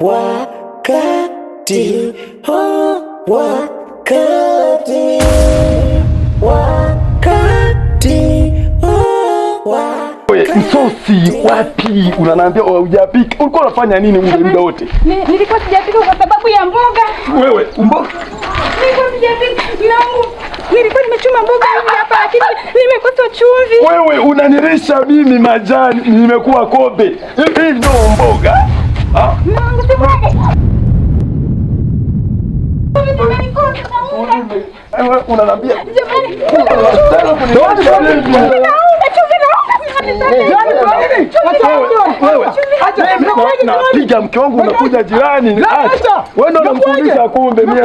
wakati oh, wakati wakati oh, wakati msosi wapi? Unaniambia oh, hujapika, ulikuwa unafanya nini ule muda wote? Nilikuwa sijapika kwa sababu ya mboga. Wewe mboga? Nilikuwa sijapika nilikuwa nimechuma mboga hivi hapa lakini nimekosa chumvi. Wewe unanirisha mimi majani, nimekuwa kobe. Hii ndio mboga. Napiga mke wangu, unakuja jirani, wewe ndio unamfundisha kumbe mimi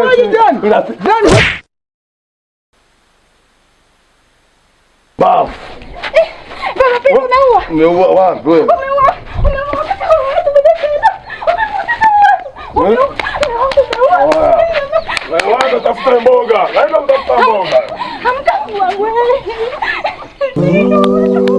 Não, Não, não, não. Lelanda tafuta mboga. Lelanda tafuta Vamos, vamos, vamos.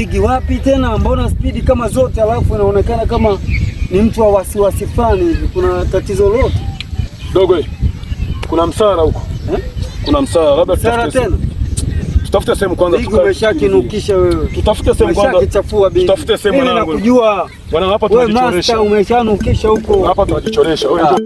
ligi wapi tena? Mbona spidi kama zote, alafu inaonekana kama ni mtu wa wasiwasi fulani hivi. Kuna tatizo lolote dogo? Kuna msara huko eh? Kuna msara labda msara tena tutafute sehemu kwanza, umeshakinukisha wewe. Tutafute sehemu kwanza, umeshakichafua bibi. Tutafute sehemu, nakujua bwana. Hapa tunajichoresha, umeshanukisha huko. Hapa tunajichoresha wewe. Ah.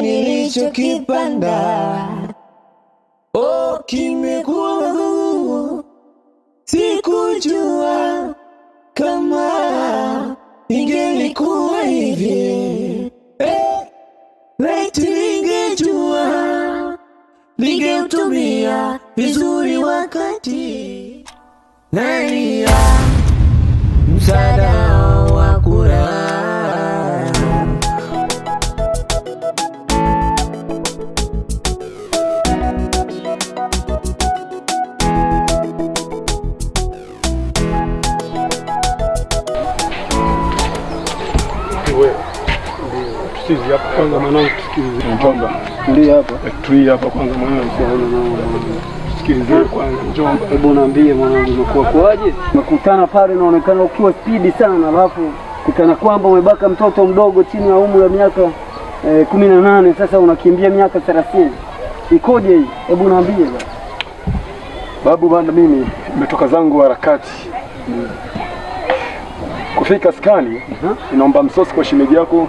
Nilichokipanda kimekuwa sikujua kama ingelikuwa hivi, laiti ningejua ningemtumia vizuri wakati nani tusikize hapa kwanza, mwanangu, Njomba, hapa, hapa kwanza, mwanangu, kwanza. Njomba, hebu niambie mwanangu, umekuwa kwaje? Umekutana pale, naonekana ukiwa spidi sana, alafu kutana kwamba umebaka mtoto mdogo chini ya umri wa miaka eh, kumi na nane. Sasa unakimbia miaka thelathini, ikoje hii? Hebu niambie babu bana. Mimi nimetoka zangu harakati kufika skani, inaomba msosi kwa shimeji yako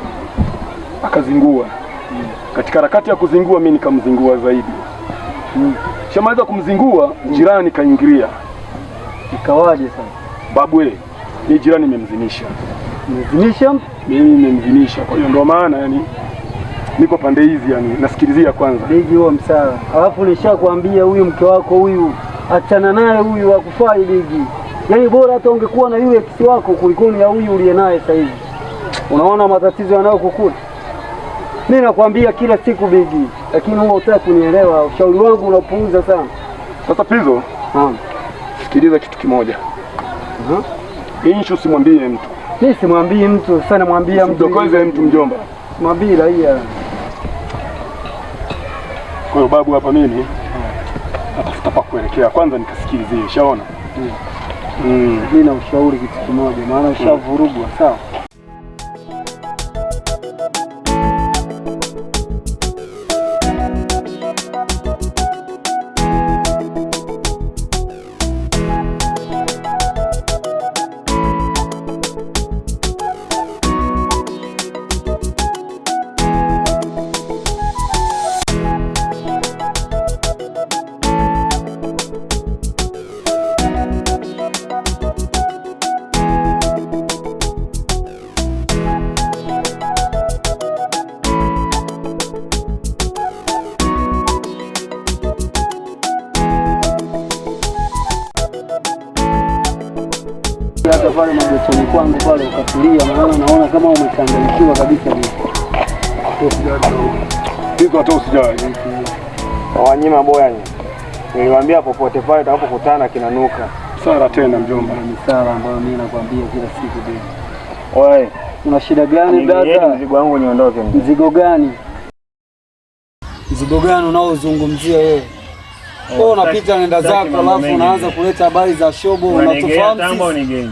akazingua mm. Katika harakati ya kuzingua mimi nikamzingua zaidi mm. Shamaliza kumzingua mm. Jirani kaingilia, ikawaje sasa? Babwe ni jirani memzinisha, mzinisha mimi memzinisha, kwa hiyo ndio maana yani niko pande hizi yani nasikilizia kwanza bigi huo msala, alafu nishakwambia huyu mke wako huyu, achana naye huyu, hakufai bigi. Yaani bora hata ungekuwa na yule ex wako kuliko ya huyu uliye naye sasa hivi. Unaona matatizo yanayokukuta mi nakwambia kila siku bigi, lakini huwa utaki kunielewa. Ushauri wangu unapuuza sana. Sasa Pizo, sikiliza kitu kimoja. Inshu simwambie mtu. Mi simwambii mtu sasa namwambia mtu Dokoze mtu mjomba, simwambii raia. Kwa hiyo babu, hapa mimi natafuta pa kuelekea, kwanza nikasikilizie. Shaona hmm. hmm. mi na ushauri kitu kimoja, maana ushavurugwa, sawa pale magotoni kwangu pale ukatulia, maana naona kama umechanganyikiwa kabisa. Wanyima boya, niliwaambia popote pale utakapokutana kinanuka. Sara tena mjomba, ni sara ambayo mimi nakwambia kila siku bwana. Oye, una shida gani dada? Mzigo wangu niondoke. Mzigo gani? Mzigo gani unaozungumzia wewe? unapita nenda zako, alafu unaanza kuleta habari za shobo. Unatufahamu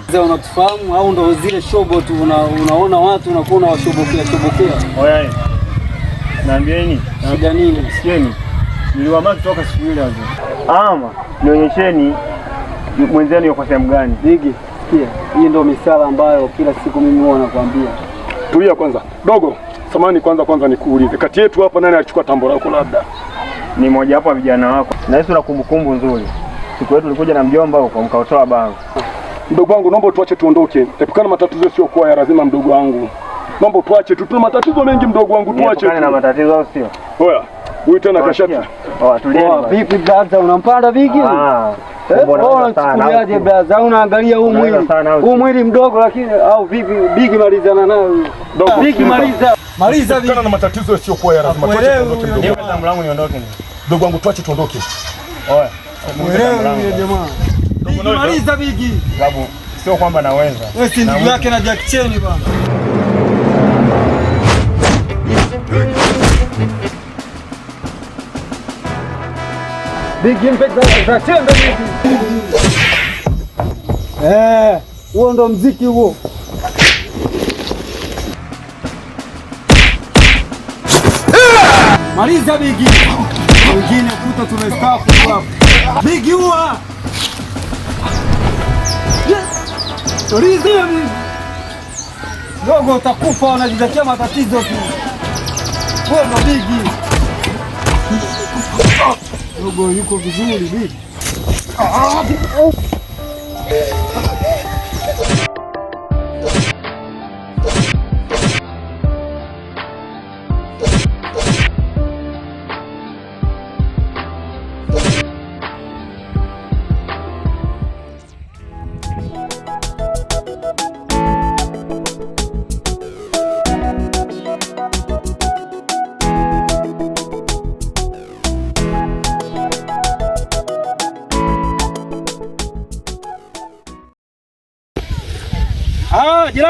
au ndo zile shobo tu una, unaona watu unakuwa unawashobokea shobokea. Eh. Naambieni shida nini? Sikieni, niliwaambia kutoka siku ile ama nionyesheni mwenzenu yuko sehemu gani? Digi, sikia, hii ndo misala ambayo kila siku mimi huwa nakwambia. Tulia kwanza dogo, samani kwanza, kwanza nikuulize, kati yetu hapa nani alichukua tambo lako labda? ni moja wapo wa vijana wako, na Yesu na kumbukumbu nzuri. Siku yetu ulikuja na mjomba huko mkaotoa bango. Mdogo wangu, naomba tuache tuondoke, epukana matatizo sio kwa ya lazima. Mdogo wangu, naomba tuache tu, tuna matatizo mengi mdogo wangu, tuache tu na matatizo, au sio? Oya, huyu tena kashati. Oh, tulieni. vipi brother, unampanda bigi? Ah. Eh, Unachukuliaje brother? Unaangalia huu mwili. Huu mwili mdogo lakini au vipi bigi malizana nayo. Bigi maliza. Maliza vipi? na matatizo sio kwa ya lazima. Tuache tuondoke mdogo. Ndio damu langu niondoke. Mdogo wangu tuache tuondoke. Oya. Wewe jamaa. Ndio Maliza bigi. Babu, sio kwamba naweza. Wewe si ndugu yake na Jack Chen bwana. Bigi mpeka za Chen ndio Eh, huo ndo mziki huo. Maliza bigi. Wengine kuta tumestafu kwa. Bigi huwa. Maliza bigi. Dogo utakufa unajidakia matatizo tu. Wewe ndo bigi. Dogo yuko vizuri bigi. Ah, oh.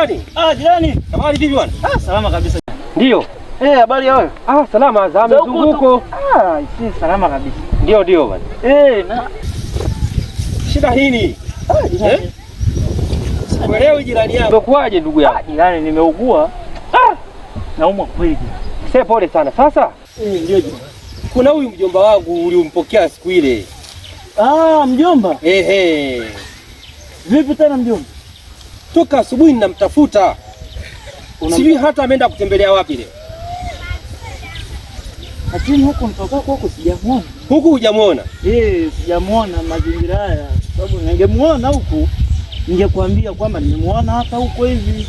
jirani. Ah, jirani. Habari vipi bwana? Ah, salama kabisa. Ndio. Eh, habari ya wewe? Ah, salama za mzunguko. Ah, si salama kabisa. Ndio ndio bwana. Eh, na shida nini? Ah, jirani. Eh? Leo jirani yako. Umekuaje ndugu yangu? Ah, jirani nimeugua. Ah! Naumwa kweli. Sasa pole sana. Sasa? Eh, ndio jirani. Kuna huyu mjomba wangu uliompokea siku ile. Ah, mjomba? Ehe. Vipi tena mjomba? toka asubuhi ninamtafuta, sijui hata ameenda kutembelea wapi leo. Lakini huku mtoka huku sijamuona. Huku hujamuona? Eh, sijamuona mazingira haya. Sababu ningemuona huku ningekuambia kwamba nimemuona hata huko hivi.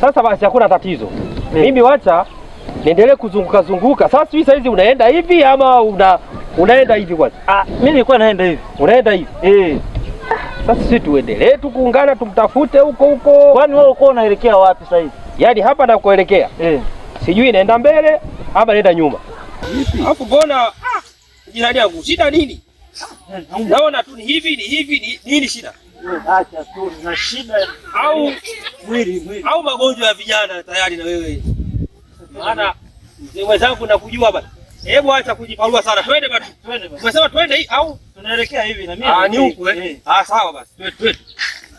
Sasa basi hakuna tatizo. Hmm. Mimi wacha niendelee kuzunguka zunguka. Sasa hivi unaenda hivi ama una unaenda hivi kwanza? Ah, mimi nilikuwa naenda hivi. Unaenda hivi? Eh. Sasa sisi tuendelee tu kuungana, tumtafute huko huko. Kwani wewe uko unaelekea wapi sasa hivi? Yaani hapa nakuelekea eh, sijui naenda mbele ama naenda nyuma. Alafu mbona jirani yangu, shida nini? Naona tu ni hivi ni hivi ni nini shida? Acha tu na shida au mwili mwili au magonjwa ya vijana tayari na wewe. Maana mzee wangu nakujua bana. Hebu acha kujiparua sana. Twende bwana. Twende bwana. Umesema twende hii au tunaelekea hivi na mimi. Ah, ni huku eh? eh. Ah, sawa basi. Twende twende.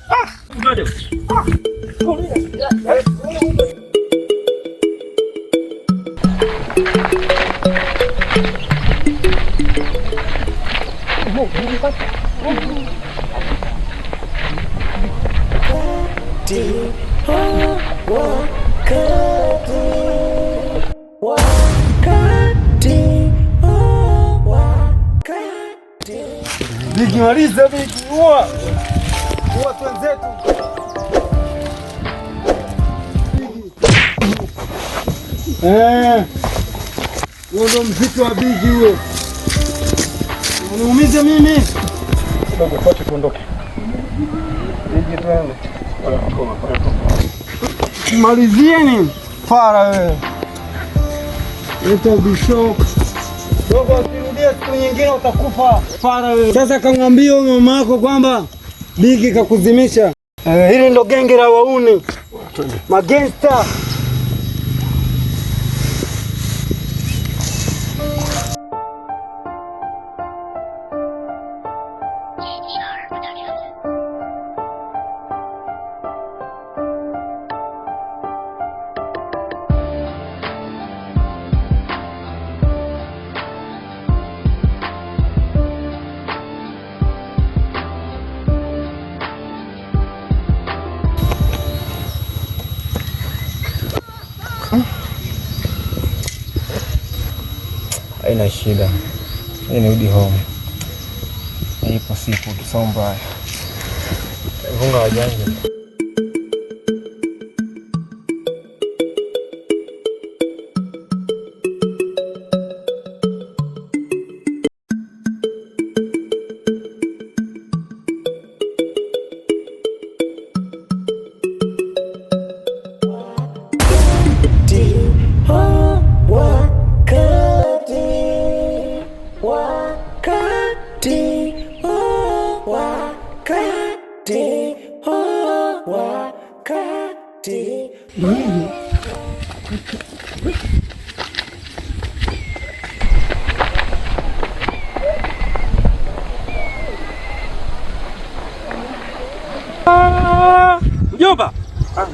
Ah, twende. oh, Oh, oh, oh, oh. Ukimaliza não kuua watu wenzetu. Eh. Huo ndo não wa bigi huo. Uniumize mimi. Dogo, tuache tuondoke. Bigi tuende. Malizieni fara wewe. Ito bisho. Dogo, usilie, siku nyingine utakufa. Sasa kamwambia mama yako kwamba Bigi kakuzimisha. Eh, hili ndo genge la wauni magangster. haina shida, nirudi home. Ipo siku tusomba vunga wajanja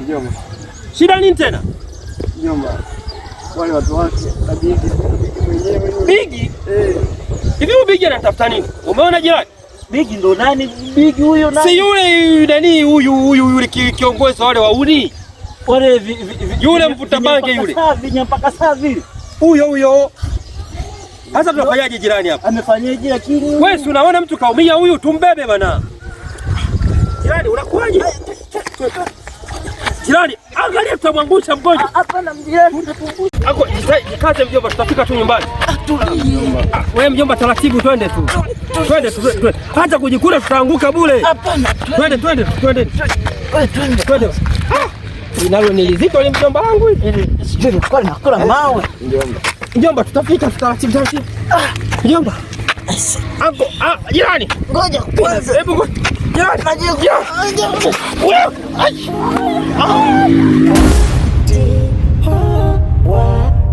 Mjomba. Shida nini tena? Mjomba. Wale watu wake na Bigi. Bigi? Eh. Hivi Bigi anatafuta nini? Umeona jirani? Bigi ndo nani? Bigi huyo nani? Si yule nani huyu huyu yule kiongozi wale wa uni. Wale yule mvuta bange yule. Safi mpaka safi. Huyo huyo. Sasa tunafanyaje jirani hapa? Amefanyaje lakini? Wewe si unaona mtu kaumia huyu tumbebe bana. Jirani unakuaje? Jirani, angalia tutamwangusha mgonjwa. Ah, Hapana mjirani. Ako jikaze mjomba, tutafika tu nyumbani. Wewe mjomba, taratibu twende tu. Twende tu. Hata kujikuna tutaanguka bure. Hapana. Twende twende twende. Twende twende. Ah! Inalo nilizito ile mjomba wangu. hivi. Eh, eh, sijui nilikuwa nakula mawe. Mjomba. Mjomba, tutafika tutaratibu taratibu. Ah. Mjomba. Anko, ah, jirani. Ngoja kwanza. Hebu ngoja. Jirani. Wakati, wakati,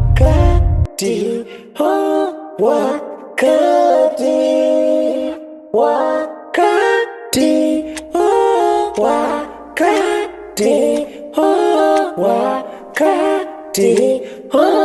wakati, wakati, wakati, wakati